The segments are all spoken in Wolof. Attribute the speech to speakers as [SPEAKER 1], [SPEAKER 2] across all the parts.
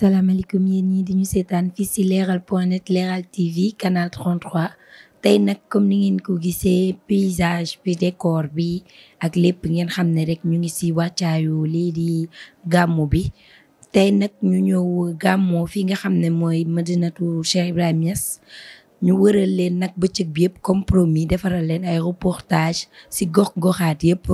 [SPEAKER 1] salaamaaleykum yéen ñii di ñu seetaan fii si leeral point net leeral TV canal 33 tey nag comme ni ngeen ko gisee paysage bi décor bi ak lépp ngeen xam ne rek ñu ngi si wàccaayu lii di gàmmu bi. tey nag ñu ñëw gàmmoo fi nga xam ne mooy madinatu Cheikh Ibrahima Niass ñu wëral leen nag bëccëg bi yëpp comme promis defaral leen ay reportage si gox-goxaat yëpp.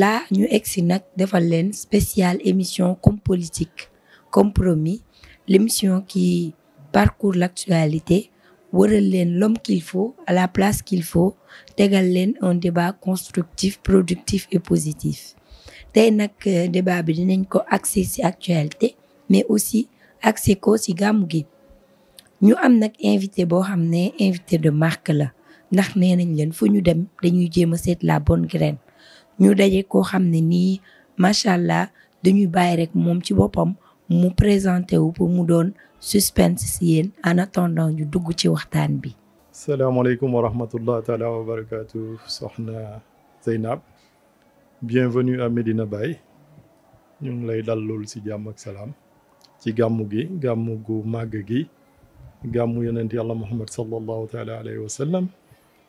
[SPEAKER 1] laa ñu egsi nag defal leen spécial émission comme politique Compromis, l'émission qui parcourt l'actualité, l'homme qu'il faut, à la place qu'il faut, leen un débat constructif, productif et positif. tey nag euh, débat bi dinañ ko axé ci actualité mais aussi axé ko ci gàmmu gi ñu am nag invité boo xam ne invité de marque la ndax nee nañ leen fu ñu dem dañuy jéem a seet la bonne graine ñu daje koo xam ne nii macha allah dañuy bàyyi rek moom ci boppam mu présenté wu pour mu doon suspense si yéen en attendant ñu dugg ci waxtaan bi.
[SPEAKER 2] salaamaaleykum wa rahmatullah taala wa barakaatu soxna Zeynab. bienvenue à Medina Baye. ñu ngi lay dallool ci jàmm ak salaam. ci gàmmu gi gàmmu gu màgg gi gàmmu yonent yàlla muhammad sallallahu taala alayhi wa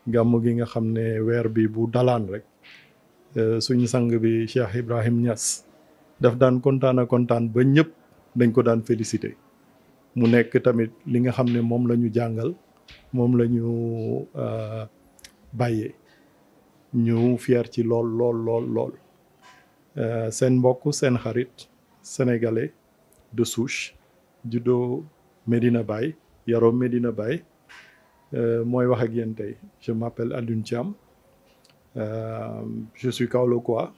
[SPEAKER 2] gàmmu gi nga xam ne weer bi bu dalaan rek eh, suñu sang bi Cheikh Ibrahim Niass daf daan kontaan kontaan ba ñëpp dañ ko daan félicité mu nekk tamit li nga xam ne moom la ñu jàngal moom la ñu euh, bàyyee ñu fier ci lool lool lool euh, seen mbokk seen xarit sénégalais de souche juddoo Medina Baye yaroo Medina Baye euh, mooy wax ak yéen tey je m'appelle Alioune Thiam je suis Kaolackois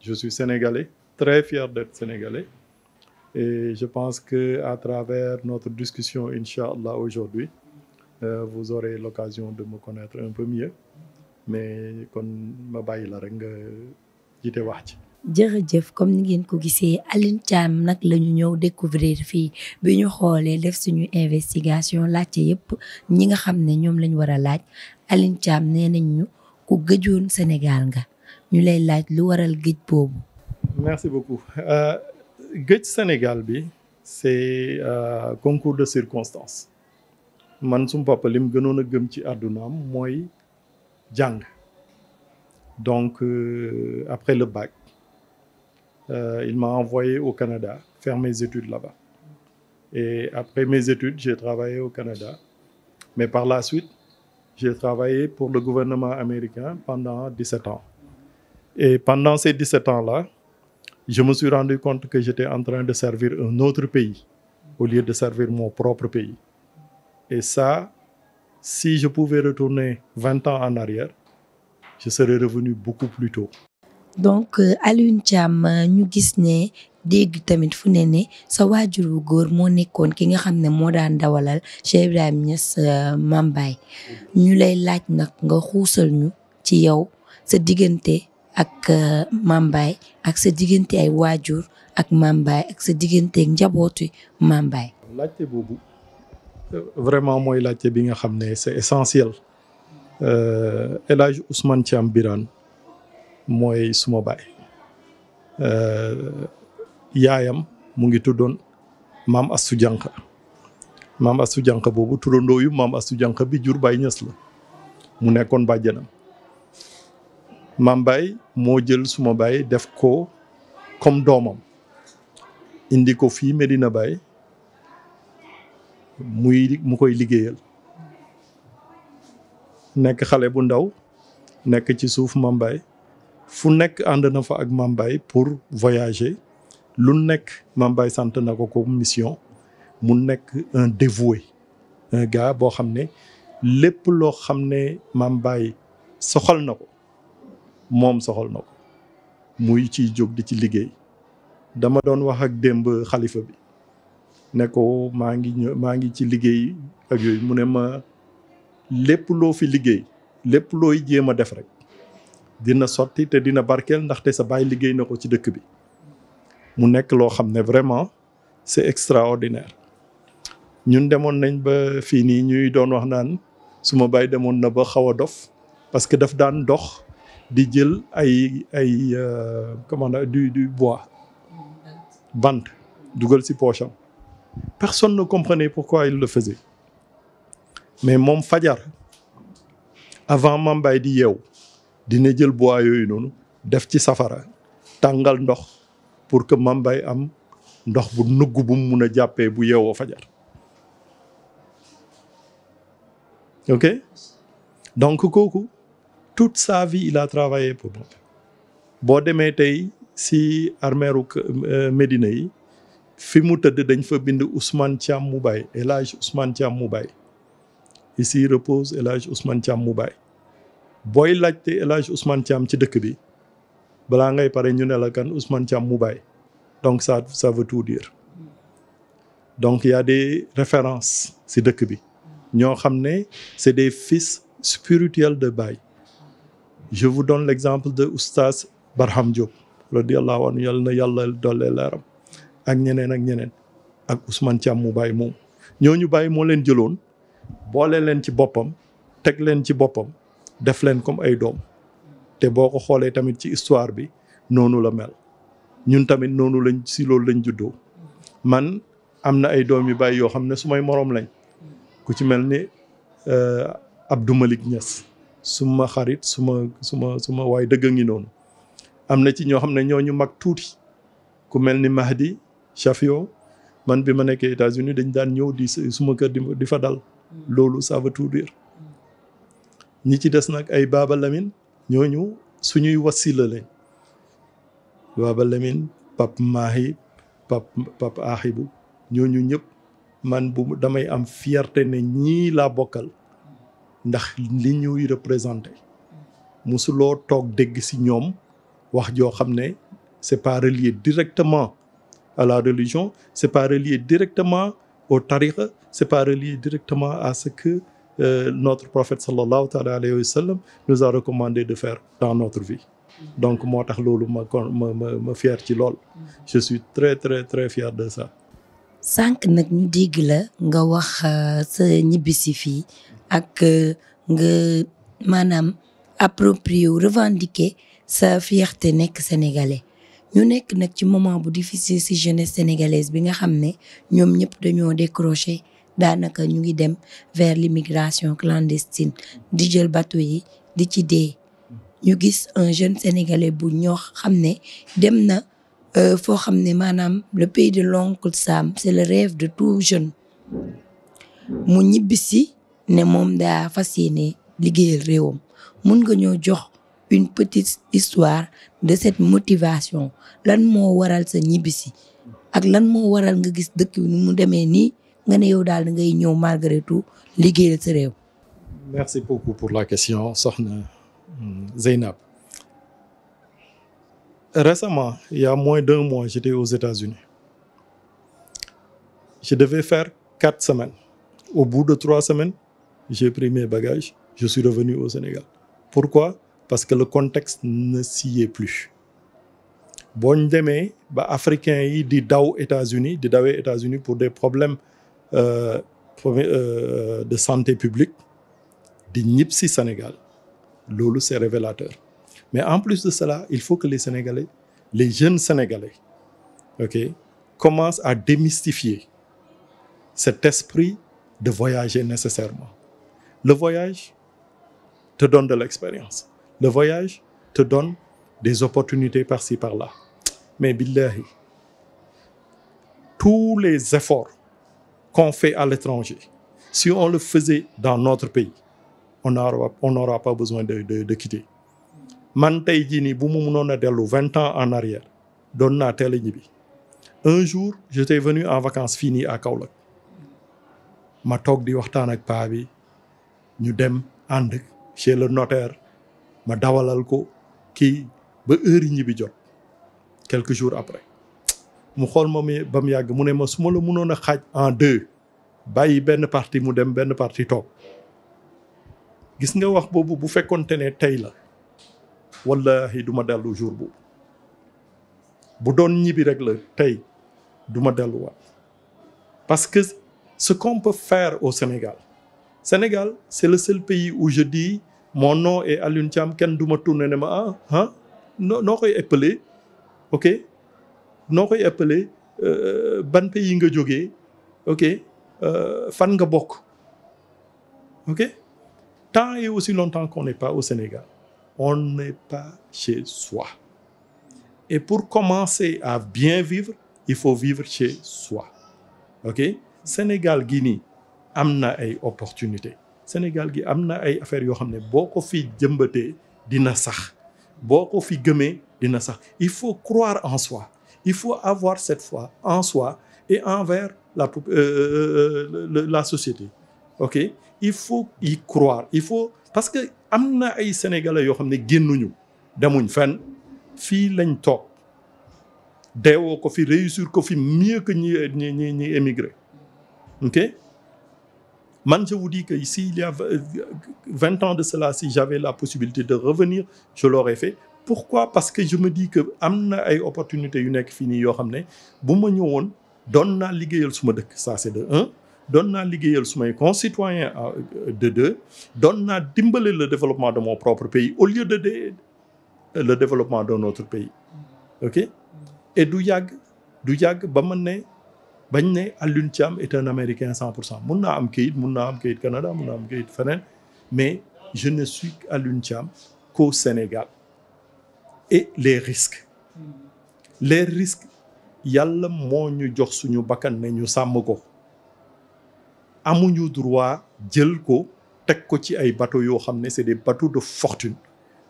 [SPEAKER 2] je suis sénégalais très fier d'être sénégalais Et je pense que à travers notre discussion, Inch'Allah, aujourd'hui, euh, vous aurez l'occasion de me connaître un peu mieux. mais kon ma bàyyi la rek nga jiite wax ci.
[SPEAKER 1] jërëjëf comme ni ngeen ko gisee Aline Thiam nag la ñu ñëw découvrir fii bi ñu xoolee def suñu investigation laajte yëpp ñi nga xam ne ñoom lañ war a laaj Aline Thiam nee nañ ñu ku gëjoon Sénégal nga ñu lay laaj lu waral gëj boobu.
[SPEAKER 2] merci gëj Sénégal bi c'est euh, concours de circonstances man sum papa lim gënoon a gëm ci àddunaam mooy jàng donc euh, après le bac euh, il m'a envoyé au Canada faire mes études là-bas et après mes études j'ai travaillé au Canada mais par la suite j'ai travaillé pour le gouvernement américain pendant 17 ans et pendant ces 17 ans je me suis rendu compte que j'étais en train de servir un autre pays au lieu de servir mon propre pays. Et si je pouvais retourner vingt ans en arrière, je serais revenu beaucoup plus tôt.
[SPEAKER 1] donc euh, Alioune Thiam euh, ñu gis ne dégg tamit fu ne ne sa waajur wu góor moo nekkoon ki nga xam ne moo daan dawalal Cheikh Ibrahim Niass euh, Mambaye ñu lay laaj nag nga xuusal ñu ci yow sa diggante ak euh, Mambaay ak sa diggante ay waajur ak Mambaay ak sa diggante ak njabootu
[SPEAKER 2] Mambaay. laajte boobu vraiment mooy laajte bi nga xam ne c'est essentiel euh, El Hadj Ousmane Thiam mooy suma baay euh, yaayam mu ngi tuddoon mam Astou Diankha maam Astou Diankha boobu turandoo yu maam Astou Diankha bi jur Baye Niass mu nekkoon bàjjanam mambaay moo jël suma baay def ko comme doomam indi ko fii Medina baay muy mu koy liggéeyal nekk xale bu ndaw nekk ci suuf maam fu nekk ànd na fa ak mambaay pour voyager lu nekk maam sant na ko ko mission mu nekk un dévoué un gars boo xam ne lépp loo xam ne maam Baye soxal na ko moom soxal na ko muy ciy jóg di ci liggéey dama doon wax ak démb xalifa bi ne ko maa ngi ñëw maa ngi ci liggéey ak yooyu mu ne ma lépp loo fi liggéey lépp looy jéem a def rek dina sotti te dina barkeel ndaxte sa baay liggéey na ko ci dëkk bi mu nekk loo xam ne vraiment c'est extraordinaire ñun demoon nañ ba fii nii ñuy doon wax naan suma baay demoon na ba xaw a dof parce que daf daan dox di jël ay ay euh, comment du du bois bande dugal si poche am personne ne comprenait pourquoi il le faisait mais moom fajar avant Mame di yeew dina jël bois yooyu noonu def ci safara tàngal ndox pour que mambay am ndox bu nugg bu mun a jàppee bu yeewoo fajar ok donc kooku toute sa vie il a travaillé pour bopp boo demee tey si armeeru euh, Médina yi fi mu tëdd dañ fa bind Ousmane Thiam Moubaye El Hadj Ousmane Thiam Moubaye ici repose El Hadj Ousmane Thiam Moubaye booy laajte El usman Ousmane Thiam ci dëkk bi balaa ngay pare ñu ne la kan Ousmane mu Moubaye donc ça ça veut tout dire donc y a des références si dëkk bi ñoo xam ne c'est des fils spirituels de Baye je vous donne l'exemple de oustaz Barham Diop radiyallahu anhu yàlla na yàlla dollee leeram ak ñeneen ak ñeneen ak Ousmane Thiam mu bàyyi moom ñoo ñu bàyyi moo leen jëloon boole leen ci boppam teg leen ci boppam def leen comme ay doom te boo ko xoolee tamit ci histoire bi noonu la mel ñun tamit noonu lañ si loolu lañ juddoo man am na ay doom yu bàyyi yoo xam ne su may moroom lañ ku ci mel ni euh, Abdou Malick Niass suma xarit suma suma suma waaye dëgg a ngi noonu am na ci ñoo xam ne ñoo ñu mag tuuti ku mel ni Mahdi Chafio man bi ma nekkee États-Unis dañ daan ñëw di suma kër di fa dal hmm. loolu ça veut tout ñi ci des nag ay Baba Lamine ñooñu suñuy wasila lañ Baba Lamine Pap Mahi Pap Pap Ahibu ñooñu ñëpp man bu damay am fierté ne ñii laa bokkal ndax li ñuy représenté mosuloo toog dégg si ñoom wax joo xam ne c'est pas relié directement à la religion c'est pas relié directement au tariqa c'est pas relié directement à ce que euh, notre prophète sallallahu taala alayhi wa sallam a recommandé de faire dans notre vie donc moo tax loolu ma ma ma ci lool je suis très très très de ça
[SPEAKER 1] sànq nag ñu dégg la nga wax euh, sa ñibbisi fii ak nga maanaam approprier wu revendiquer sa fierté nekk sénégalais. ñu nekk nag ci moment bu difficile si jeunesse sénégalaise bi nga xam ne ñoom ñëpp dañoo décroché daanaka ñu ngi dem vers l'immigration clandestine di jël bateau yi di ci dee. ñu gis un jeune sénégalais bu ñoo xam ne dem na euh, foo xam ne maanaam le pays de l'oncle Sam c'est le rêve de tout jeunes mu ñibbisi ne moom daa fas yéene liggéeyal réewam mun nga ñoo jox une petite histoire de cette motivation lan moo waral sa ñibbisi ak lan moo waral nga gis dëkk bi mu demee nii nga ne yow daal ngay ñëw malgré tout liggéeyal sa
[SPEAKER 2] réew. pour la question soxna hmm, Zeynab. récemment il y a moins d'un mois j'étais aux États-Unis je devais faire quatre semaines au bout de trois semaines j'ai pris mes bagages, je suis revenu au Sénégal. Pourquoi? Parce que le contexte ne s'y est plus. boo ñu ba africain yi di daw États-Unis di dawee États-Unis pour des problèmes euh, euh de santé publique di ñib si Sénégal loolu c'est révélateur mais en plus de cela il faut que les Sénégalais les jeunes Sénégalais ok commencent à démystifier cet esprit de voyager nécessairement Le voyage te donne de l'expérience. Le voyage te donne des opportunités par-ci, par-là. Mais billahi, tous les efforts qu'on fait à l'étranger, si on le faisait dans notre pays, on n'aura on pas besoin de de de quitter. man tey jii nii bu mu mënoon a dellu vingt ans en arrière doon naa teel a ñibbi un jour j'étais venu en vacances fii nii à Kaolack ma toog di waxtaan ak bi ñu dem ànd chez le notaire ma dawalal ko kii ba heure yi ñibbi jot quelque jours après mu xool ma mi ba mu yàgg mu ne ma su ma la mënoon a xaaj en deux bàyyi benn partie mu dem benn partie toog gis nga wax boobu bu fekkoonte ne tey la wallahi du ma dellu jour boobu bu doon ñibbi rek la tey duma ma parce que ce qu'on peut faire au Sénégal Sénégal c'est le seul pays où je dis mon nom est Alioune Thiam kenn du ma tourné ne ma ah ah noo noo koy appelé ok noo koy appelé euh, ban pays nga jógee ok euh, fan nga bokk ok tant et aussi longtemps qu'on n'est pas au Sénégal on n'est pas chez soi et pour commencer à bien vivre il faut vivre chez soi ok Sénégal gii nii am na ay opportunité Sénégal gi am na ay affaires yoo xam ne boo ko fi jëmbatee dina sax boo ko fi gëmee dina sax il faut croire en soi il faut avoir cette fois en soi et envers la euh, euh, euh, la société ok il faut y croire il faut parce que am na ay sénégalais yoo xam ne génnuñu demuñ fenn fii lañ toog deewoo ko fi réussir ko fi mieux que ñi ñi ñi émigré ok man je vous dis que s'il y a ans de cela si j'avais la possibilité de revenir je l'aurais fait pourquoi parce que je me dis que am na ay opportunité yu nekk fii nii yoo xam ne bu ma ñëwoon doon naa liggéeyal suma dëkk ça c'est de un doon naa liggéeyal sumay concitoyens euh, de deux doon naa dimbale le développement de mon propre pays au lieu de de le développement de notre pays ok et du yàgg du yàgg ba ma ne bañ ne Alioune Thiam est un américain cent pour cent mun naa am kayit mun na am kayit Canada mun naa am kayit feneen mais je ne suis Alioune Thiam qu'au Sénégal et les risques les risques yàlla moo ñu jox suñu bakkan ne ñu sàmm ko amuñu droit jël ko teg ko ci ay bateaux yoo xam ne c'est des bateaux de fortune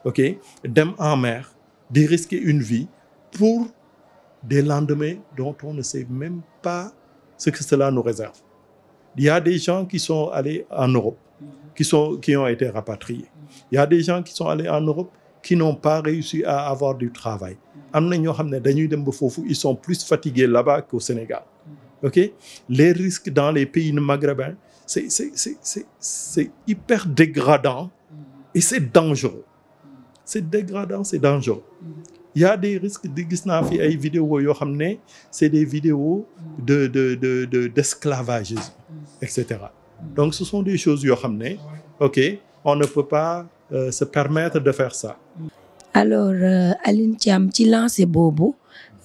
[SPEAKER 2] ok dem en mer di risquer une vie des lendemains dont on ne sait même pas ce que cela nous réserve. Il y a des gens qui sont allés en Europe, qui, sont, qui ont été rapatriés. Il y a des gens qui sont allés en Europe qui n'ont pas réussi à avoir du travail. am na ñoo xam ne dañuy dem ba foofu ils sont plus fatigués là-bas qu'au Sénégal. les risques dans les pays maghrébins c'est c'est c'est c'est c'est hyper dégradant et c'est dangereux. c'est dégradant c'est dangereux. y a des risques di gis naa fi ay vidéo yoo xam ne c'est des vidéos de de de de d'esclavagisme mm. et cetera donc ce sont des choses yoo xam ne ok on ne peut pas euh, se permettre de fair ça
[SPEAKER 1] alors euh, Aline Thiam ci lancé boobu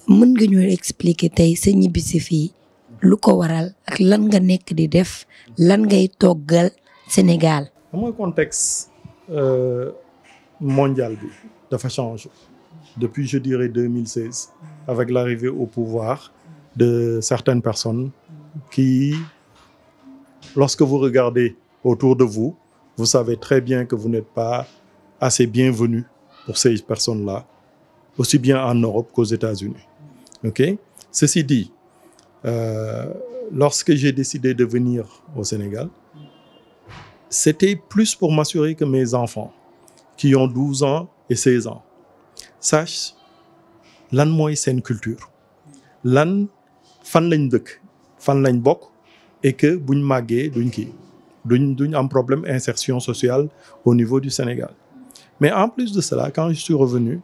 [SPEAKER 1] mën nga ñu expliquer tey sa ñibbisi fii lu ko waral ak lan nga nekk di def lan ngay toggal
[SPEAKER 2] Sénégal xam contexte euh, mondial bi dafa changer depuis, je dirais, 2016, mm. avec l'arrivée au pouvoir mm. de certaines personnes qui, lorsque vous regardez autour de vous, vous savez très bien que vous n'êtes pas assez bienvenu pour ces personnes-là, aussi bien en Europe qu'aux États-Unis. Mm. OK Ceci dit, euh, lorsque j'ai décidé de venir au Sénégal, c'était plus pour m'assurer que mes enfants, qui ont 12 ans et 16 ans, sache lan mooy seen culture lan fan lañ dëkk fan lañ bokk et que buñ màggee duñ ki duñ duñ en problème insertion sociale au niveau du Sénégal mais en plus de cela quand je suis revenu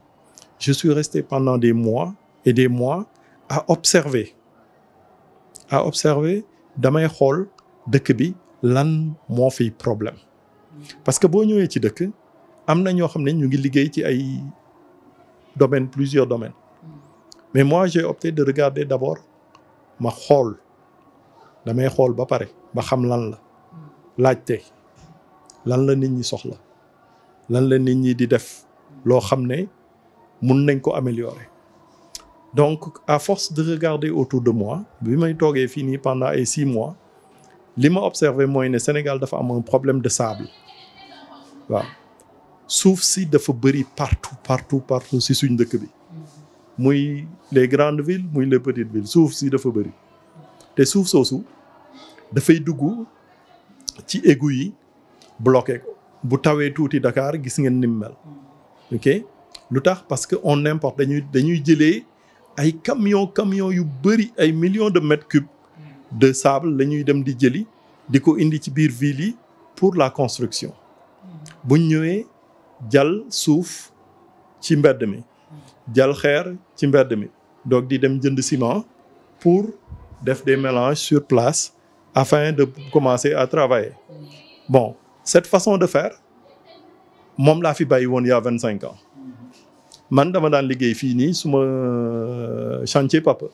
[SPEAKER 2] je suis resté pendant des mois et des mois à observer à observer damay xool dëkk bi lan moo fiy problème parce que boo ñëwee ci dëkk am na ñoo xam ne ñu ngi liggéey ci ay domaines plusieurs domaines mais mois j'ai opté de regarder d'abord ma xool damay xool ba pare ba xam lan la laajte lan la nit ñi soxla lan la nit ñi di def loo xam ne mun nañ ko améliorer donc à force de regarder autour de mois bi may toogee fii nii pendant ay six mois li ma observé mooy ne Sénégal dafa am problème de sable waaw suuf si dafa bëri partout partout partout si suñ dëkk bi muy les grandes villes muy les petites villes suuf si dafa bëri te suuf soosu dafay dugg ci égou yi bloqué ko bu tawee tuuti Dakar gis nga nim ok lu tax parce que on importe dañuy dañuy jëlee ay camion camion yu bëri ay millions de mètres cubes de sable la ñuy dem di jëli di ko indi ci biir ville yi pour la construction buñ ñëwee jal suuf ci mbedd mi jal xeer ci mbedd mi donc di dem jënd ciment pour def des mélanges sur place afin de commencer à travailler bon cette façon de faire moom laa fi bàyyi woon yaa vingt cinq ans man dama daan liggéey fii nii suma euh, chantier papa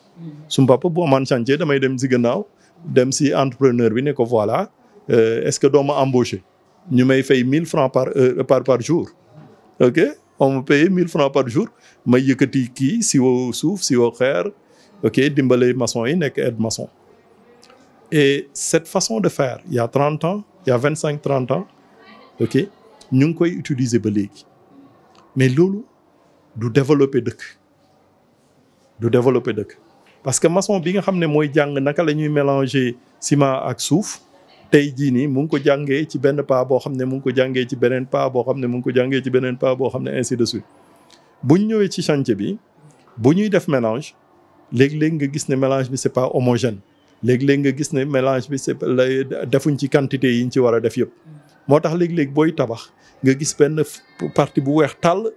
[SPEAKER 2] suma papa bu amaan chantier damay dem si gannaaw dem si entrepreneur bi ne ko voilà euh, est-ce que doo ma embaucher ñu may fay mille francs par euh, par par jour ok on paye mille francs par jour may yëkkati kii si woo suuf si woo xeer ok dimbale maçon yi nekk aide maçon et cette façon de faire il y a trente ans il y vingt cinq trente ans ok ñu ngi koy utiliser ba léegi mais loolu du développer dëkk du développer dëkk parce que maçon bi nga xam ne mooy jàng naka la ñuy mélanger ciment ak suuf tey jii nii mu ngi ko jàngee ci benn pas boo xam ne mu ngi ko jàngee ci beneen pas boo xam ne mu ngi ko jàngee ci beneen pas boo xam ne ainsi de suite bu ñu ñëwee ci chantier bi bu ñuy def mélange léegi léegi nga gis ne mélange bi c'est pas homogène léeg-léeg nga gis ne mélange bi defuñ ci quantité yi ñu ci war a def yëpp moo tax léegi léeg booy tabax nga gis benn partie bu weex tàll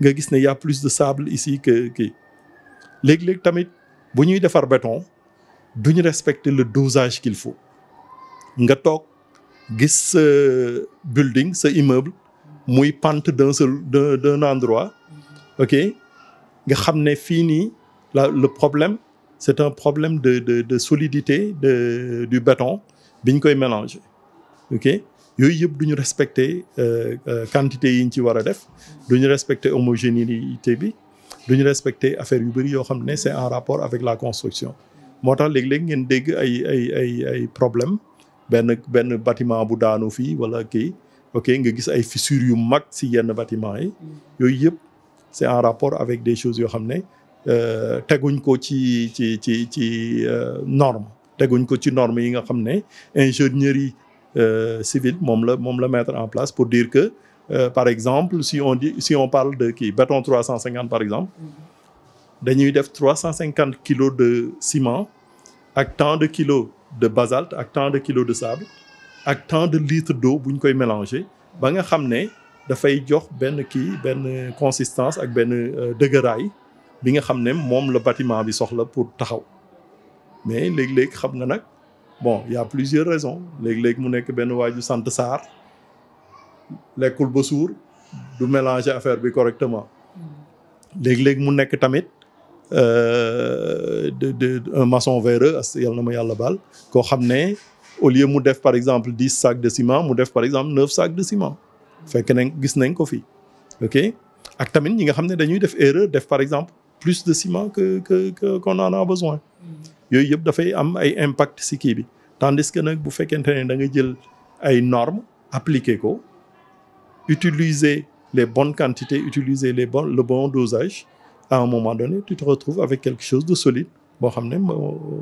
[SPEAKER 2] nga gis ne y plus de sable ici que kii léegi léeg tamit bu ñuy defar béton duñu respecter le dosage qu'il faut nga toog gis sa building sa immeuble muy pente d'un seul d'un endroit ok nga xam ne fii nii la le problème c'est un problème de de de solidité du béton biñ koy mélanger ok yooyu yëpp duñu respecter euh, euh, quantité yi ñu ci war a def duñu respecter homogénéité bi duñu respecter affaire yu bari yoo xam ne c'est en rapport avec la construction moo tax léegi léegi ngeen dégg ay ay ay ay problème benn benn bâtiment bu daanu fii wala kii ok nga gis ay fissures yu mag si yenn bâtiment yi yooyu yëpp c'est en rapport avec des choses yoo xam ne euh, teguñ ko ci ci ci ci euh, norme teguñ ko ci norme yi nga xam ne ingénieurs euh, yi civil moom la moom la mettre en place pour dire que par exemple si on dit si parle de kii béton cent cinquante par exemple dañuy def trois cent cinquante kilos de ciment ak tant de kilos de basalte ak tant de kilo de sable ak tant de litres d'eau bu ñu koy mélanger ba nga xam ne dafay jox benn kii benn consistance ak benn euh, dëgëraay bi nga xam ne moom la bâtiment bi soxla pour taxaw mais léeg-léeg xam na nag bon y a plusieurs raisons léeg-léeg mu nekk benn waaju sant Sarr lekkul ba suur du mélanger affaire bi correctement mm. léeg-léeg mu nekk tamit Euh, de de un maçon véreux yàlla na ma yàlla baal koo xam ne au lieu mu def par exemple dix sacs de ciment mu def par exemple neuf sacs de ciment fekk nañ gis nañ ko fii ok ak tamit ñi nga xam ne dañuy def erreur def par exemple plus de ciment que que que qu'on en besoin mm. yooyu yëpp dafay am ay impact si kii bi tandis que nag bu fekkente ne da jël ay normes appliquer ko utiliser les bonnes quantités utiliser les bon le bon dosage à un moment donné tu te retrouves avec quelque chose de solide boo xam ne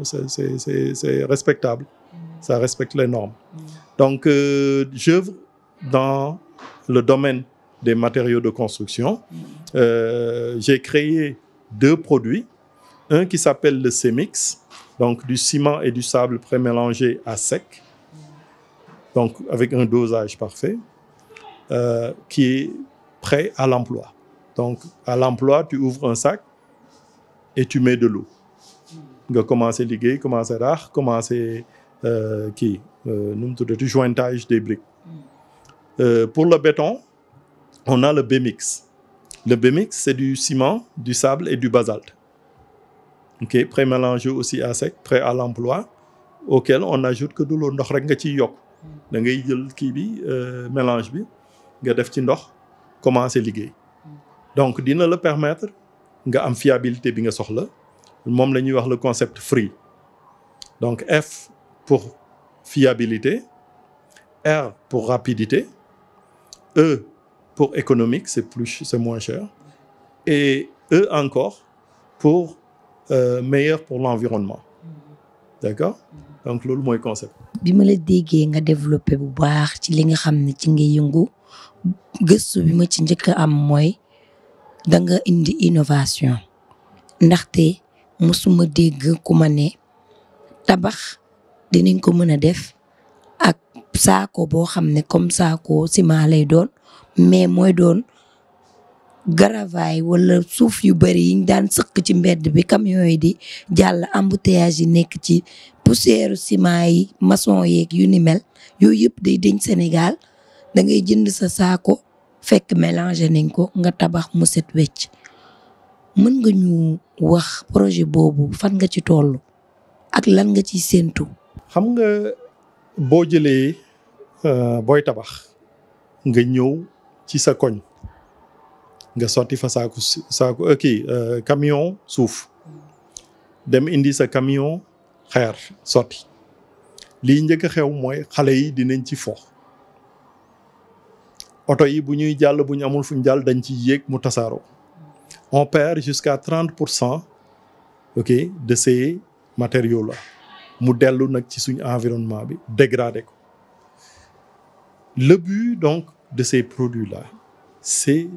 [SPEAKER 2] c'est c'est c'est c'est respectable mm. ça respecte les normes mm. donc euh, j'œuvre dans le domaine des matériaux de construction mm. euh, j'ai créé deux produits un qui s'appelle le CEMIX donc du ciment et du sable prémélangé à sec donc avec un dosage parfait euh, qui est prêt à l'emploi donc à l'emploi tu ouvres un sac et tu mets de l'eau nga commencé liggéey commencé raax commencé euh, kii euh, nu mu tuddati jointage des briques euh, pour le béton on a le BMix le BMix c'est du ciment du sable et du basalte ok pré-mélangé aussi à sec prêt à l'emploi auquel on ajoute que de l'eau ndox rek nga ci yokk da ngay jël kii bi euh, mélange bi nga def ci ndox commencé liggéey donc dina la permettre nga am fiabilité bi nga soxla moom la ñuy wax le concept free donc F pour fiabilité R pour rapidité E pour économique c'est plus c'est moins cher et E encore pour euh, meilleur pour l'environnement d'accord donc loolu mooy concept.
[SPEAKER 1] bi ma la déggee nga développé bu baax ci li nga xam ne ci nga yëngu gëstu bi ma ci njëkk am mooy. danga indi innovation ndaxte mësuma dégg ku ma ne tabax dinañ ko mën a def ak saako boo xam ne comme saako ciment lay doon mais mooy doon garavay wala suuf yu bari yi daan sëq ci mbedd bi camion yi di jàll embouteillage yi nekk ci poussière ciment yi maçon yeeg yu ni mel yooyu yëpp day Sénégal da ngay jënd sa saako fekk mélangé nañ ko nga tabax mu set wecc mën nga ñu wax projet boobu fan nga ci toll
[SPEAKER 2] ak lan nga ci séentu. xam nga boo jëlee euh, booy tabax nga ñëw ci sa koñ. nga sotti fa saako saako euh, kii euh, camion suuf dem indi sa camion xeer sotti lii njëkk a xew mooy xale yi dinañ ci fo oto yi bu ñuy jàll bu ñu amul fu ñu jàll dañ ci yéeg mu tasaaroo on perd jusqu'à trente pour cent ok de ces matériaux là mu dellu nag ci suñu environnement bi dégradé ko le donc de ces produit là c'est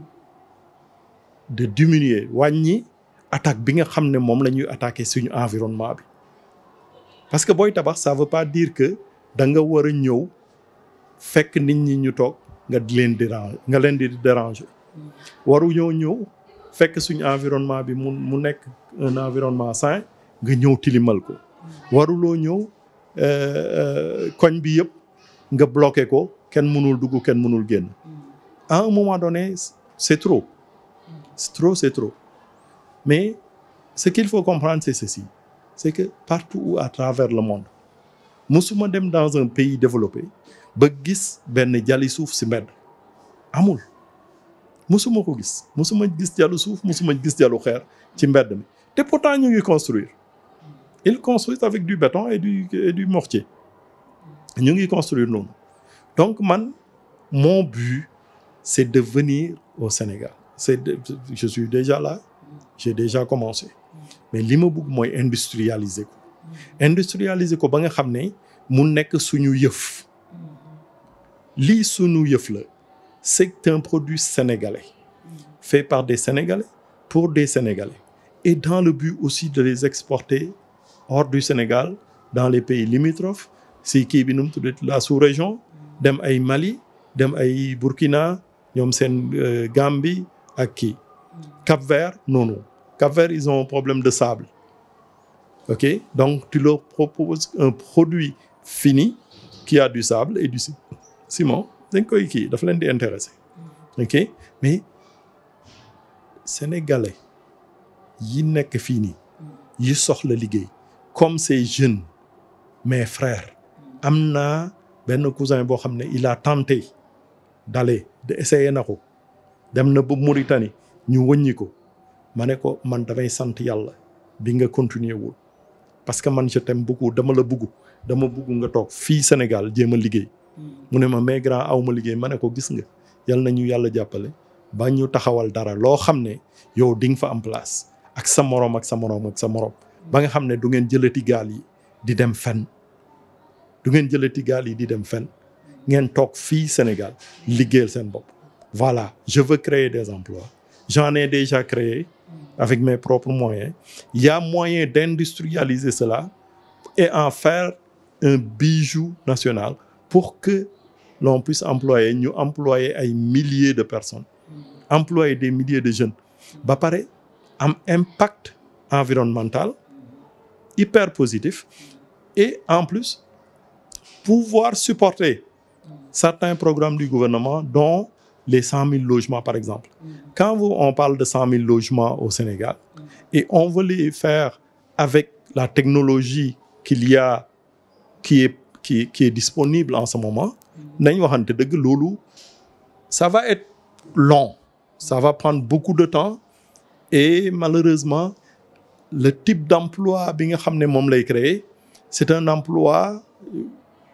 [SPEAKER 2] de diminuer wàññi attaque bi nga xam ne moom la ñuy attaquer suñu environnement bi parce que booy tabax ça veut pas dire que da nga war a ñëw fekk nit ñi ñu toog nga di leen déranger nga leen di déranger waruñoo ñëw fekk suñu environnement bi mu mu nekk un environnement sain nga ñëw tilimal ko waruloo ñëw euh, euh, koñ bi yëpp nga bloqué ko kenn mënul dugg kenn mënul génn à un moment donné c'est trop c'est trop mais ce qu'il faut comprendre c'est ceci c'est que partout à travers le monde suma dem dans un pays développé ba gis benn jali suuf si mbedd amul musuma ko gis musuma gis jalu suuf musuma gis jalu xeer ci mbedd mi te pourtant ñu ngi construire ils construisent avec du béton et du et mortier ñu ngi construire noonu donc man mon but c'est de venir au Sénégal c'est de je suis déjà là j'ai déjà commencé mais li ma bugg mooy industrialiser ko industrialiser ko ba nga xam ne mu nekk suñu yëf lii sunu yëf la c'est un produit sénégalais fait par des sénégalais pour des sénégalais et dans le but aussi de les exporter hors du Sénégal dans les pays limitrophes si kii bi nu mu tudd la sous-région dem ay Mali dem ay Burkina ñoom seen euh, Gambie ak kii Cap-Vert noonu Cap-Vert ils ont un problème de sable donc tu leur proposes un produit fini qui a du sable et du Simon dañ koy kii dafa leen di intéressé ok mais sénégalais yi nekk fii nii yi soxla liggéey comme ces jeunes mais frères am naa benn cousin boo xam ne il a tenté d'aller de essayer na ko dem na ba Mauritanie ñu wëññi ko ma ne ko man damay sant yàlla bi nga continuer wul parce que man je t'aime beaucoup dama la bëgg dama bëgg nga toog fii Sénégal jéem a liggéey mu ne ma mais grand aw ma liggéey ma ne ko gis nga yal na ñu yàlla jàppale ba ñu taxawal dara loo xam ne yow di nga fa am place ak sa moroom ak sa moroom ak sa moroom ba nga xam ne du ngeen jëlati gaal yi di dem fenn du ngeen jëlati gaal yi di dem fenn ngeen toog fii Sénégal liggéeyal seen bopp voilà je veux créer des emplois j'en ai déjà créé avec mes propres moyens il y a moyen d'industrialiser cela et en faire un bijou national pour que l'on puisse employer ñu employer ay milliers de personnes employer des milliers de jeunes ba pare am impact environnemental hyper positif et en plus pouvoir supporter certains programmes du gouvernement dont les cent mille logements par exemple quand vous, on parle de cent mille logements au Sénégal et on veut les faire avec la technologie qu'il y a qui est qui est disponible en ce moment nañ waxante dëgg loolu ça va être long ça va prendre beaucoup de temps et malheureusement le type d'emploi bi nga xam ne moom lay créer c'est un emploi euh,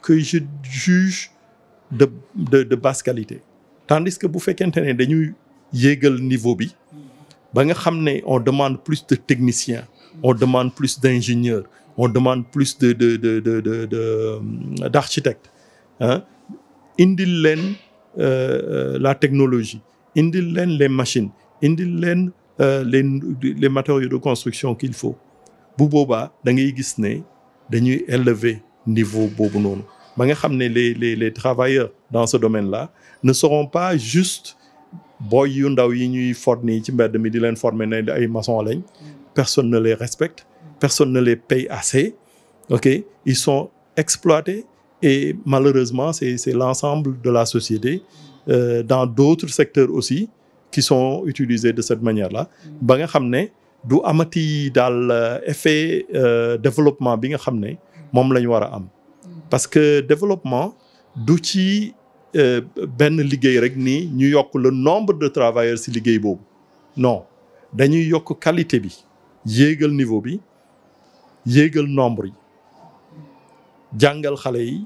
[SPEAKER 2] que je juge de de basse qualité tandis que bu fekkente ne dañuy yéegal niveau bi ba nga xam ne on demande plus de techniciens on demande plus d'ingénieurs on demande plus de de de de de de euh, d'architectes ah indil leen euh, euh, la technologie indil leen les machines indil leen les les matériaux de construction qu'il faut bu boobaa da ngay gis ne dañuy élever niveau boobu noonu ba nga xam ne les les les travailleurs dans ce domaine-là ne seront pas juste boy yu ndaw yi ñuy former ci mbedd mi di leen former ne ay maçon lañ mm. personne ne les respecte personne ne les paye assez. ok ils sont exploités et malheureusement c'est c'est l'ensemble de la société euh, dans d'autres secteurs aussi qui sont utilisés de cette manière la ba nga xam ne du amati daal euh, effet euh, développement bi nga xam ne moom la ñu war a am parce que développement du ci euh, benn liggéey rek ni ñu yokk le nombre de travailleurs ci liggéey boobu non dañuy yokk qualité bi yéegal niveau bi yéegal nombre yi jàngal xale yi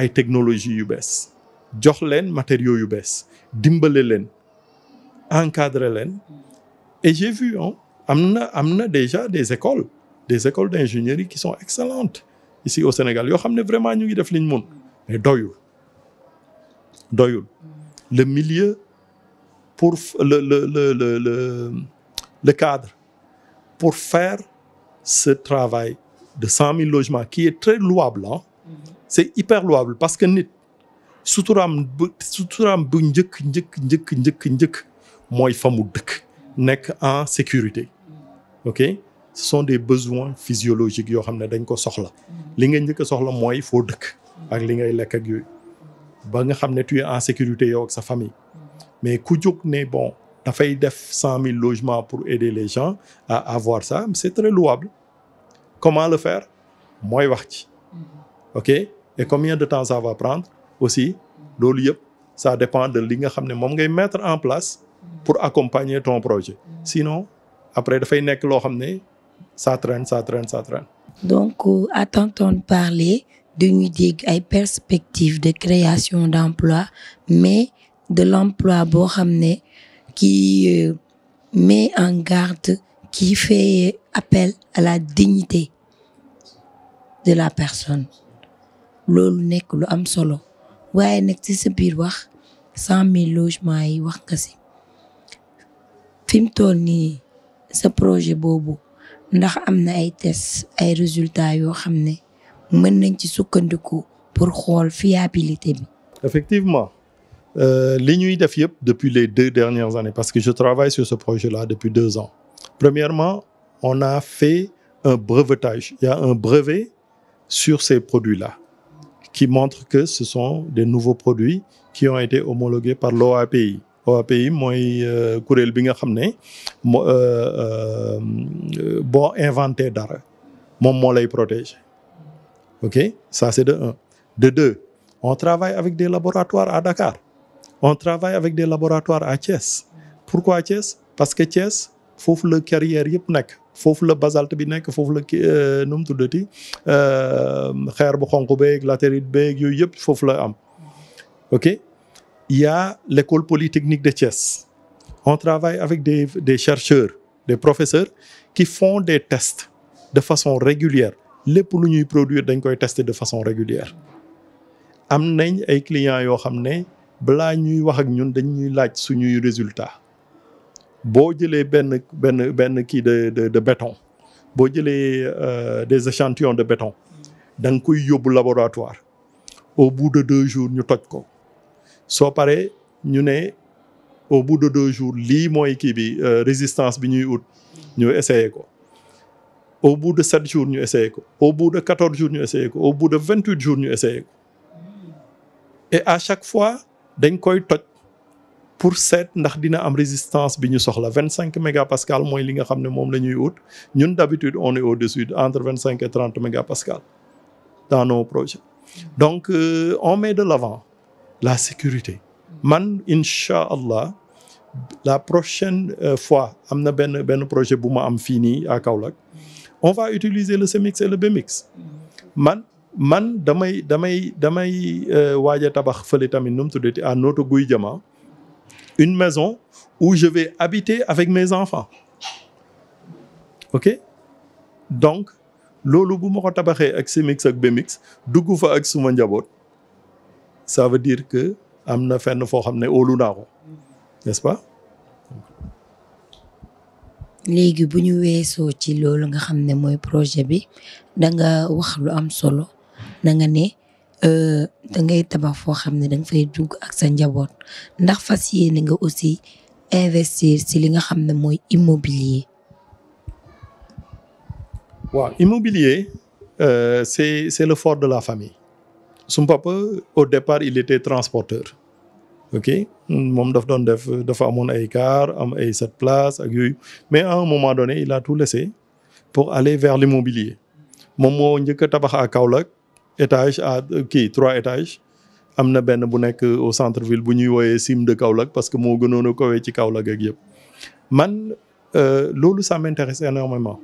[SPEAKER 2] ay technologie yu bees jox leen matériaux yu bees dimbale leen encadrer leen et j'ai vu on am na am na déjà des écoles des écoles d'ingénierie qui sont excellentes ici au Sénégal yoo xam ne vraiment ñu ngi def liñ mun mais doyul doyul le milieu pour le le le le le pour faire ce travail de cent mille logements qui est très louable mm-hmm. c'est hyper louable parce que nit suturaam bu njëkk njëkk njëkk njëkk njëkk mooy fa mu dëkk. nekk en sécurité. Mm-hmm. ok ce sont des besoins physiologiques yoo xam ne dañ ko soxla. Mm-hmm. li nga njëkk soxla mooy foo dëkk. ak li ngay lekk ak ba nga xam ne tu en sécurité yow ak sa famille. mais ku jóg ne bon dafay def cent mille logements pour aider les gens à avoir ça c'est très louable. comment le faire mooy wax ci mm-hmm. ok et combien de temps ça va prendre aussi loolu yëpp ça dépend de li nga xam ne moom ngay mettre en place mm-hmm. pour accompagner ton projet mm-hmm. sinon après dafay nekk loo xam ne ça traîne ça traîne
[SPEAKER 1] donc euh, à t'entendre parler dañuy dégg ay perspectives de création d'emploi mais de l'emploi boo xam ne qui euh, met en garde qui fait appel à la dignité de la personne loolu nekk lu am solo waaye nag ci sa biir wax cent mille logements yi wax nga si fi mu toll nii sa projet boobu ndax am na ay test ay résultat yoo xam ne mën nañ ci sukkandiku pour xool fiabilité bi.
[SPEAKER 2] effectivement euh, li ñuy def yëpp depuis les deux dernières années parce que je travaille sur ce projet là depuis deux ans premièrement. on a fait un brevetage. y a un brevet sur ces produits-là qui montre que ce sont des nouveaux produits qui ont été homologués par l'OAPI. OAPI mooy euh, kuréel bi nga xam ne moo euh, euh, boo inventé dara moom moo lay protéger ok ça c'est de un de deux on travaille avec des laboratoires à Dakar on travaille avec des laboratoires à Thiès pourquoi Thiès parce que Thiès foofu le carrière yëpp nekk foofu la basalte bi nekk foofu la ki euh, nu mu tuddati euh, xeer bu xonq beeg latérite bég yooyu yëpp foofu la am ok il y a l'école polytechnique de Thiès on travaille avec des des chercheurs des professeurs qui font des tests de façon régulière lépp lu ñuy produire dañ koy tester de façon régulière am nañ ay clients yoo xam ne balaa ñuy wax ak ñun dañuy laaj suñuy résultat boo jëlee benn benn benn kii de de de béton boo jëlee euh, des échantillons de béton da nga koy yóbbu laboratoire au bout de deux jours ñu toj ko soo paree ñu ne au bout de deux jours lii mooy kii bi euh, résistance bi ñuy ut ñu essayé ko au bout de sept jours ñu essayé ko au bout de quatorze jours ñu essayé ko au vingt huit jours ñu essayé ko et à chaque fois dañ koy toj pour seet ndax dina am résistance bi ñu soxla vingt cinq mégapascal mooy li nga xam ne moom la ñuy ut ñun d'habitude on est au-dessus entre vingt cinq et trente mégapascal dans nos projet donc euh, on met de l'avant la sécurité man incha allah la prochaine euh, fois am na benn benn projet bu ma am fii nii à Kaolack on va utiliser le CMix et le BMix man man damay damay damay euh, waaj tabax fële tamit nu mu tuddati à Notto guy Diama une maison où je vais habiter avec mes enfants ok donc loolu bu ma ko tabaxee ak CMIX ak BMIX dugg fa ak suma njaboot ça veut dire que am na fenn foo xam ne óolu naa ko n'est-ce pas
[SPEAKER 1] léegi bu ñu weesoo ci loolu nga xam ne mooy projet bi da nga wax lu am solo da nga ne Euh, da ngay tabax foo xam ne danga fay dugg ak sa njaboot ndax fas yéene nga aussi investir ci li nga xam ne mooy immobilier.
[SPEAKER 2] waaw immobilier euh, c'est c'est le fort de la famille. suñu papa au départ il était transporteur. ok moom daf doon def dafa amoon ay car am ay sept place ak yooyu mais à un moment donné il a tout laissé pour aller vers l'immobilier moom moo njëkk a tabax à Kaolack. étage à euh, kii trois étages am na benn bu nekk au centre ville bu ñuy wooyee cime de Kaolack parce que moo gënoon a kowee ci Kaolack ak yëpp man euh, loolu ça m'intéresse énormément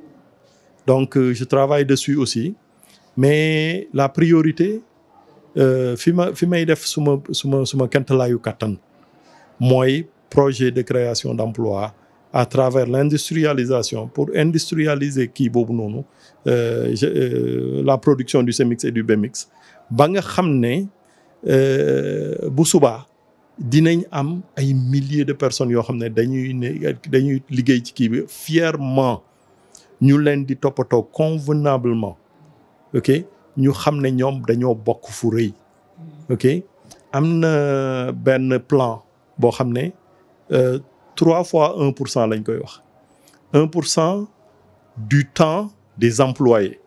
[SPEAKER 2] donc euh, je travaille dessus aussi mais la priorité fi ma fi may def suma suma suma kentalaayu kattan mooy projet de création d'emploi à travers l'industrialisation pour industrialiser kii boobu noonu euh, euh, la production du CEMIX et du BEMIX ba nga xam ne euh, bu subaa dinañ am ay milliers de personnes yoo xam ne dañuy dañuy liggéey ci kii bi fièrement ñu leen di toppatoo convenablement ok ñu xam ne ñoom dañoo bokk fu rëy ok am na benn plan boo xam ne trois fois un pour cent lañ koy wax un pour cent du temps des employés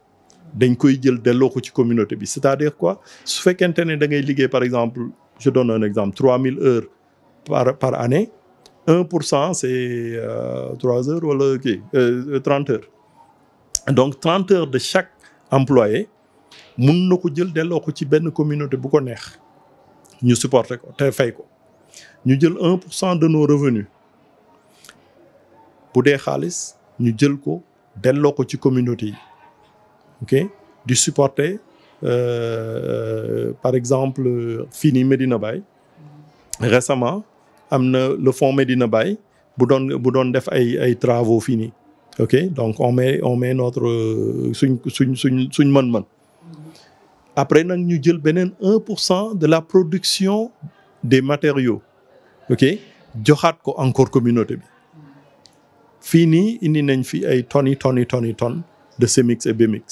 [SPEAKER 2] dañ koy jël delloo ko ci communauté bi c'est-à-dire quoi su fekkente ne dangay liggéey par exemple je donne un exemple trois mille heures par par année un pour cent c'est euh, trois heures wala kii euh, euh, trente heures donc trente heures de chaque employé mun na ko jël delloo ko ci benn communauté bu ko neex ñu supporter ko te fay ko ñu jël un pour cent de nos revenus bu dee xaalis ñu jël ko delloo ko ci communauté yi ok di supporter euh, par exemple fii nii Medina Baye récemment am na le fonds Medina Baye bu doon bu doon def ay ay travaux fii nii ok donc on met on met notre euh, suñ suñ suñ suñ mën-mën après nag ñu jël beneen un pour cent de la production des matériaux ok joxaat ko encore communauté bi fii nii indi nañ fi ay toni toni toni tonnes de CEMIX et BEMIX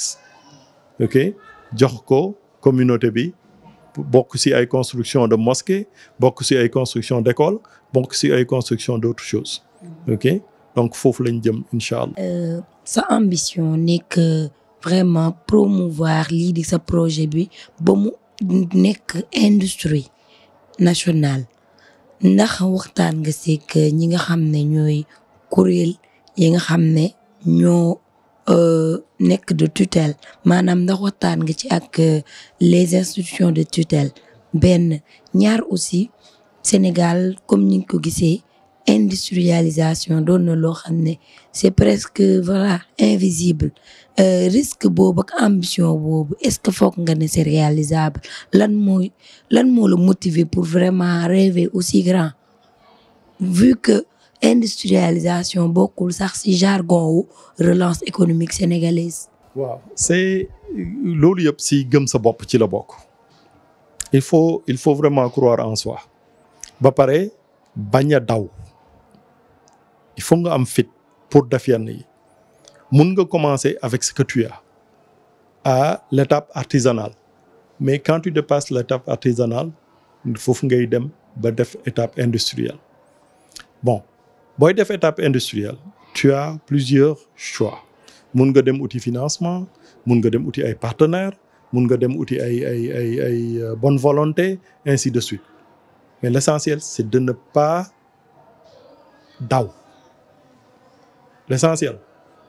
[SPEAKER 2] ok jox ko communauté bi bokk ci ay construction de mosquée bokk ci ay construction d'école bokk ci ay construction d'autres choses ok donc foofu lañ jëm incha allah.
[SPEAKER 1] Euh, sa ambition nekk vraiment promouvoir lii di sa projet bi ba mu nekk industrie nationale ndax waxtaan nga seeg ñi nga xam ne ñooy kuréel yi nga xam ne ñoo euh, nekk de tutelle maanaam ndax waxtaan nga ci ak euh, les institutions de tutelle benn ñaar aussi Sénégal comme ni nga ko gisee industrialisation doon na loo xam ne c'est presque voilà invisible euh, risque boobu ak ambition boobu est-ce que foog nga ne c'est réalisable lan mooy lan moo la motiver pour vraiment rêver aussi grand vu que industrialisation bokkul sax ci jargon wu relance économique sénégalaise.
[SPEAKER 2] waaw c'est loolu yëpp si gëm sa bopp ci la bokk. il faut il faut vraiment croire en soi. ba pare bañ a daw. il faut nga am fit pour def yenn yi. mun nga commencer avec ce que tu as. à l'étape artisanale. mais quand tu dépasses l'étape artisanale foofu ngay dem ba def étape industrielle bon. booy def étape industrielle tu as plusieurs choix mun nga dem uti financement mun nga dem uti ay partenaires mun nga dem uti ay ay ay ay euh, bonne volonté ainsi de suite mais l'essentiel c'est de ne pas daw l'essentiel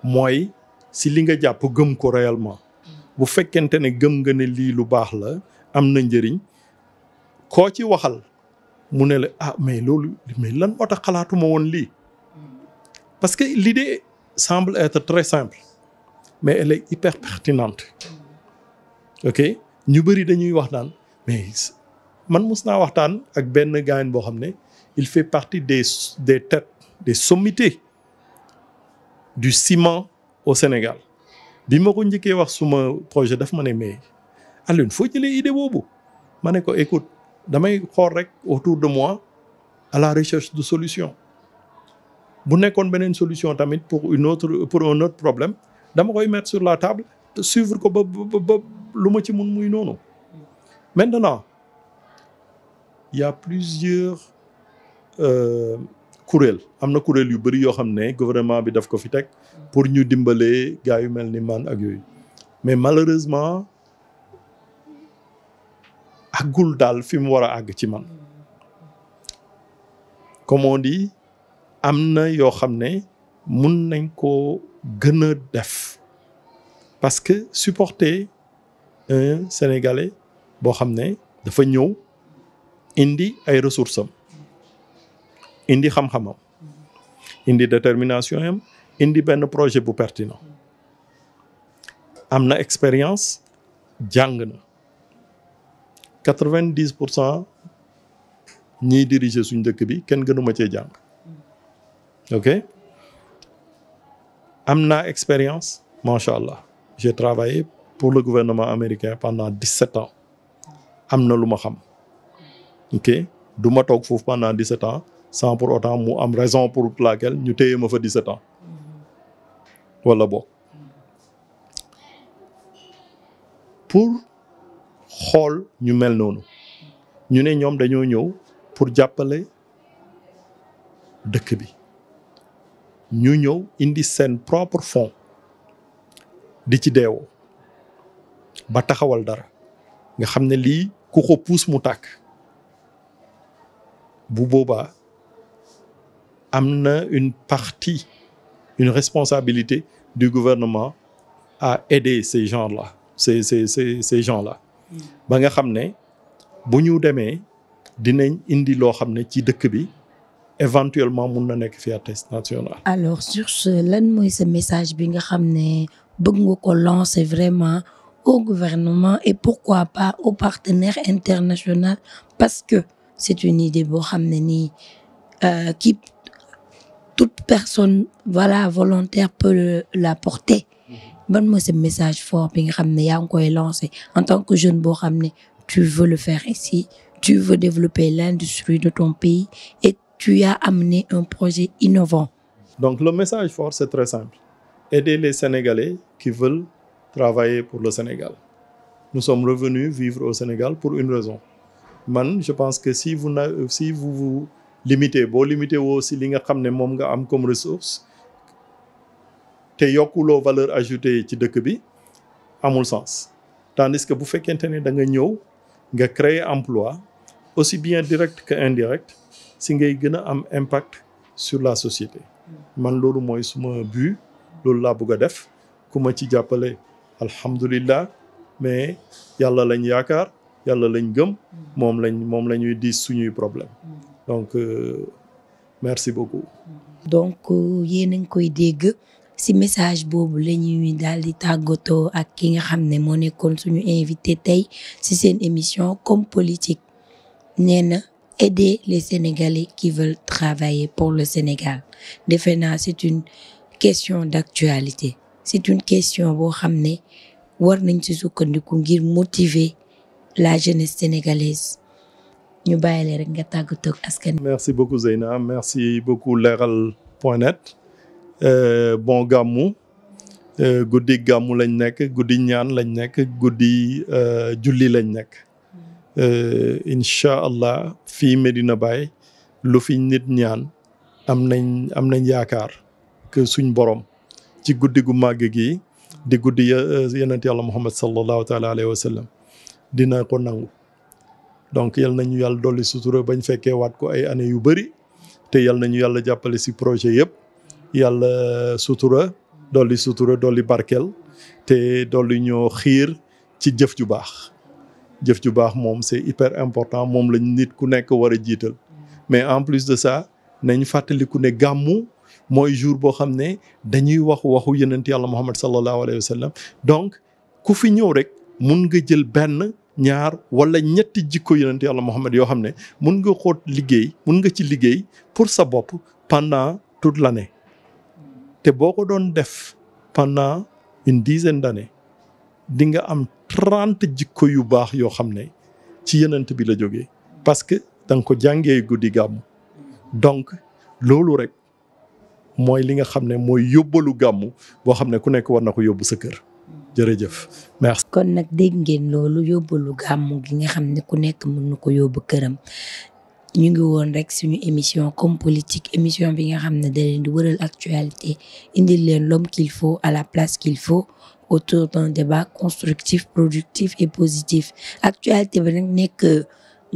[SPEAKER 2] mooy si li nga jàpp gëm ko réellement bu fekkente ne gëm nga ne lii lu baax la am na njëriñ koo ci waxal mu ne la ah mais loolu mais lan moo tax xalaatuma woon lii Parce que l'idée semble être très simple, mais elle est hyper pertinente. ok ñu bëri dañuy waxtaan mais man mos naa waxtaan ak benn gaañ boo xam ne il fait partie des des têtes des sommités du ciment au Sénégal bi ma ko njëkkee wax suma projet dafa ma ne mais Alioune foo jëlee idée boobu ma ne ko écoute damay xool rek autour de moi à la recherche de solution bu nekkoon beneen solution tamit pour une pour un autre problème dama koy mettre sur la table suivre ko ba ba lu ma ci mun muy noonu maintenant il y a plusieurs euh, kuréel am na kuréel yu bëri yoo xam ne gouvernement bi def ko fi teg pour ñu dimbalee gars yu mel ni man ak yooyu mais malheureusement àggul daal fi mu war a àgg ci man comme on dit am na yoo xam ne mun nañ koo gën a def parce que supporter un sénégalais boo xam ne dafa ñëw indi ay ressources indi xam-xamam indi détermination yam indi benn projet bu pertinent am na expérience jàng na quatre vingt pour cent ñiy diriger suñ dëkk bi kenn gënuma cee jàng ok am na expérience macha allah j'ai travaillé pour le gouvernement américain pendant dix-sept ans am na lu ma xam ok du ma toog foofu pendant dix-sept ans sans pour autant mu am raison pour laquelle ñu téye ma fa dix ans wala bo pour xool ñu mel noonu ñu ne ñoom dañoo ñëw pour jàppale dëkk bi ñu ñëw indi seen propre fonds di ci deewoo ba taxawal dara nga xam ne lii ku ko puus mu tàkk bu boobaa am na une partie une responsabilité du gouvernement à aider ces gens-là ces ces ces ces ba nga xam ne bu ñu demee dinañ indi loo xam ne ci dëkk bi éventuellement mun na nekk fierté nationale.
[SPEAKER 1] alors sur ce lan mooy sa message bi nga xam ne bëgg nga ko lancer vraiment au gouvernement et pourquoi pas aux partenaires internationaux parce que c'est une idée boo xam ne nii euh, qui toute personne voilà volontaire peut la porter. Mm-hmm. ban mooy sa message fort bi nga xam ne yaa ngi koy lancer en tant que jeune boo xam ne tu veux le faire ici tu veux développer l'industrie de ton pays tu as amené un projet innovant.
[SPEAKER 2] Donc le message fort, c'est très simple. Aider les Sénégalais qui veulent travailler pour le Sénégal. Nous sommes revenus vivre au Sénégal pour une raison. Man, je pense que si vous si vous, limitez, boo limité woo si li nga xam ne moom nga am comme ressource te yokkuloo valeur ajoutée ci dëkk bi amul sens tandis que bu fekkente ne da nga ñëw nga créer emploi aussi bien direct que indirect si ngay gën a am impact sur la société man loolu mooy suma but loolu laa bëgg a def ku ma ci jàppale alhamdulillah mais yàlla lañ yaakaar yàlla lañ gëm moom lañ moom la ñuy diis suñuy problème donc euh, merci beaucoup donc
[SPEAKER 1] euh, yéen a ngi koy dégg si message boobu la ñuy daal di tàggatoo ak ki nga xam ne moo nekkoon suñu invité tey si seen émission comme politique nee aider les Sénégalais qui veulent travailler pour le Sénégal defe naa c'est une question d'actualité c'est une question boo xam ne war nañ ci sukkandiku ngir motiver la jeunesse sénégalaise ñu bàyyile rek nga
[SPEAKER 2] tàggatoo ak askan merci beaucoup Zeyna merci beaucoup leeral point net euh, bon gàmmu euh, guddi gàmmu lañ nekk guddi ñaan lañ nekk guddi euh, julli lañ nekk Eh, incha allah fii Medina Baye lu fi nit ñaan am nañ am nañ yaakaar que suñ borom ci guddi gu màgg gi di guddi yenent eh, yàlla muhammad sallallahu taala alayhi wa dina ko nangu donc yal ñu yàlla dolli sutura bañ fekkee waat ko ay années yu bëri te yal nañu yàlla jàppale si projet yëpp yàlla eh, sutura dolli sutura dolli barkeel te dolli ñoo xiir ci jëf ju baax jëf ju baax moom c'est hyper important moom lañ nit ku nekk war a jiital mais en plus de ça nañ fàttaliku ne gàmmu mooy jour boo xam ne dañuy wax waxu yenent yàlla muhammad sallallahu alayhi wa sallam donc ku fi ñëw rek mun nga jël benn ñaar wala ñetti jikko yenent yàlla muhammad yoo xam ne mun nga xoot liggéey mun nga ci liggéey pour sa bopp pendant toute l'année te boo ko doon def pendant une dizaine d'années di nga am trente jikko yu baax yoo xam ne ci yenent bi la jógee parce que da nga ko jàngee guddi gàmm donc loolu rek mooy li nga xam ne mooy yóbbalu gàmm boo xam ne ku nekk war na ko yóbbu sa kër jërëjëf merci.
[SPEAKER 1] kon nag dégg ngeen loolu yóbbalu gàmm gi nga xam ne ku nekk mun na ko yóbbu këram. ñu ngi woon rek ñu émission comme politique émission bi nga xam ne da leen di wëral actualité indil leen l'homme qu'il faut à la place qu'il faut autour d'un débat constructif productif et positif actualité bi nag nekk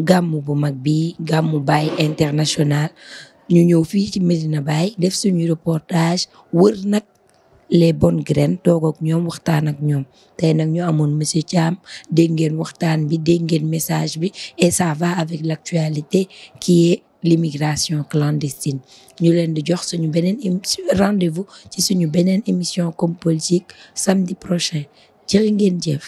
[SPEAKER 1] gàmmu bu mag bi gàmmu bay international ñu ñëw fii ci Medina Baye def suñu reportage wër nag les bonnes graines toog ñoom waxtaan ak ñoom tey nag ñu amoon monsieur Thiam dégg ngeen waxtaan bi dégg message bi et ça va avec l'actualité qui est l'immigration clandestine ñu leen di jox suñu beneen rendez-vous ci suñu beneen émission comme politique samedi prochain jërë ngeen jëf